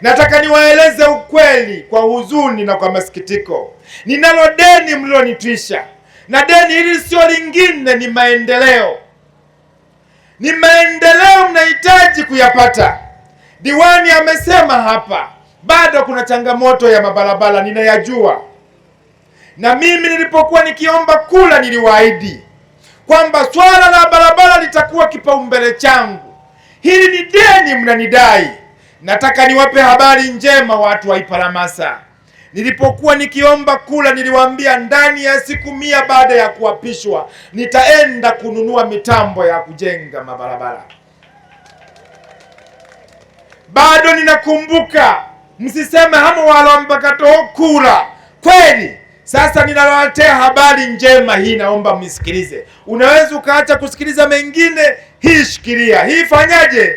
Nataka niwaeleze ukweli kwa huzuni na kwa masikitiko, ninalo deni mlilonitwisha, na deni hili sio lingine, ni maendeleo. Ni maendeleo mnahitaji kuyapata. Diwani amesema hapa bado kuna changamoto ya mabarabara, ninayajua. Na mimi nilipokuwa nikiomba kula, niliwaahidi kwamba swala la barabara litakuwa kipaumbele changu. Hili ni deni mnanidai. Nataka niwape habari njema watu wa Iparamasa. Nilipokuwa nikiomba kula, niliwaambia ndani ya siku mia baada ya kuapishwa nitaenda kununua mitambo ya kujenga mabarabara. Bado ninakumbuka, msiseme hamo walombakato kula kweli. Sasa ninawaletea habari njema hii, naomba msikilize. Unaweza ukaacha kusikiliza mengine, hii shikilia hii, fanyaje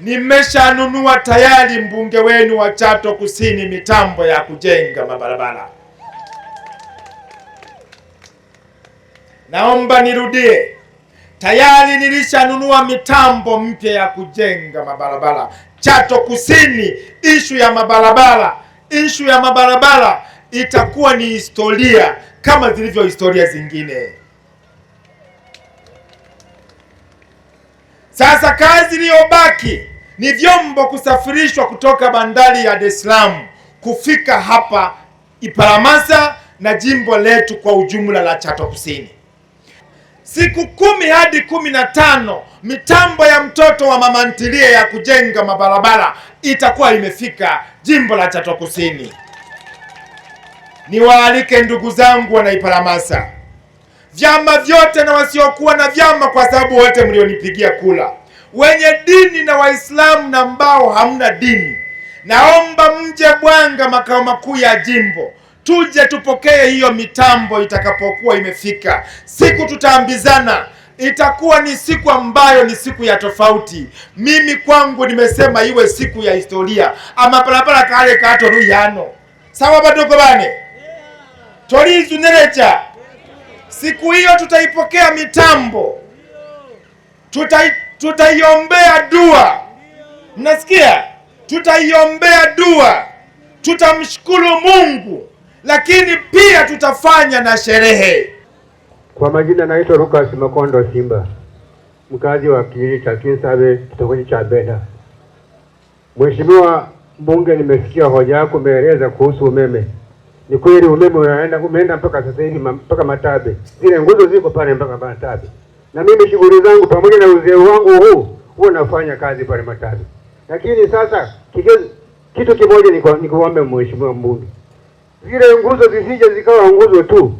nimeshanunua tayari mbunge wenu wa Chato Kusini mitambo ya kujenga mabarabara. Naomba nirudie, tayari nilishanunua mitambo mpya ya kujenga mabarabara Chato Kusini. Ishu ya mabarabara, ishu ya mabarabara itakuwa ni historia kama zilivyo historia zingine. Sasa kazi iliyobaki ni vyombo kusafirishwa kutoka bandari ya Dar es Salaam kufika hapa Iparamasa na jimbo letu kwa ujumla la Chato Kusini. Siku kumi hadi kumi na tano mitambo ya mtoto wa mama ntilie ya kujenga mabarabara itakuwa imefika jimbo la Chato Kusini. Niwaalike ndugu zangu wana Iparamasa, vyama vyote na wasiokuwa na vyama, kwa sababu wote mlionipigia kula wenye dini na Waislamu na mbao hamna dini, naomba mje Bwanga, makao makuu ya jimbo tuje tupokee hiyo mitambo itakapokuwa imefika. Siku tutaambizana, itakuwa ni siku ambayo ni siku ya tofauti. Mimi kwangu nimesema iwe siku ya historia, amapalapala kale kato ruyano sawa badoko bane nerecha. Siku hiyo tutaipokea mitambo tutai tutaiombea dua, mnasikia? Tutaiombea dua, tutamshukuru Mungu, lakini pia tutafanya na sherehe. Kwa majina naitwa Lucas Makondo Simba, mkazi wa kijiji cha Kinsabe, kitongoji cha Beda. Mheshimiwa Mbunge, nimesikia hoja yako, umeeleza kuhusu umeme. Ni kweli umeme unaenda umeenda mpaka sasa hivi mpaka Matabe, zile nguzo ziko pale mpaka Matabe na mimi shughuli zangu pamoja na uzee wangu huu huwa nafanya kazi pale Matatu, lakini sasa kigezo, kitu kimoja ni kuombe mheshimiwa mbunge, zile nguzo zisije zikawa nguzo tu,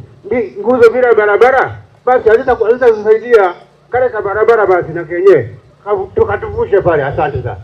nguzo bila barabara basi hazitasaidia kale ka barabara basi na kenyewe tukatuvushe pale. Asante sana.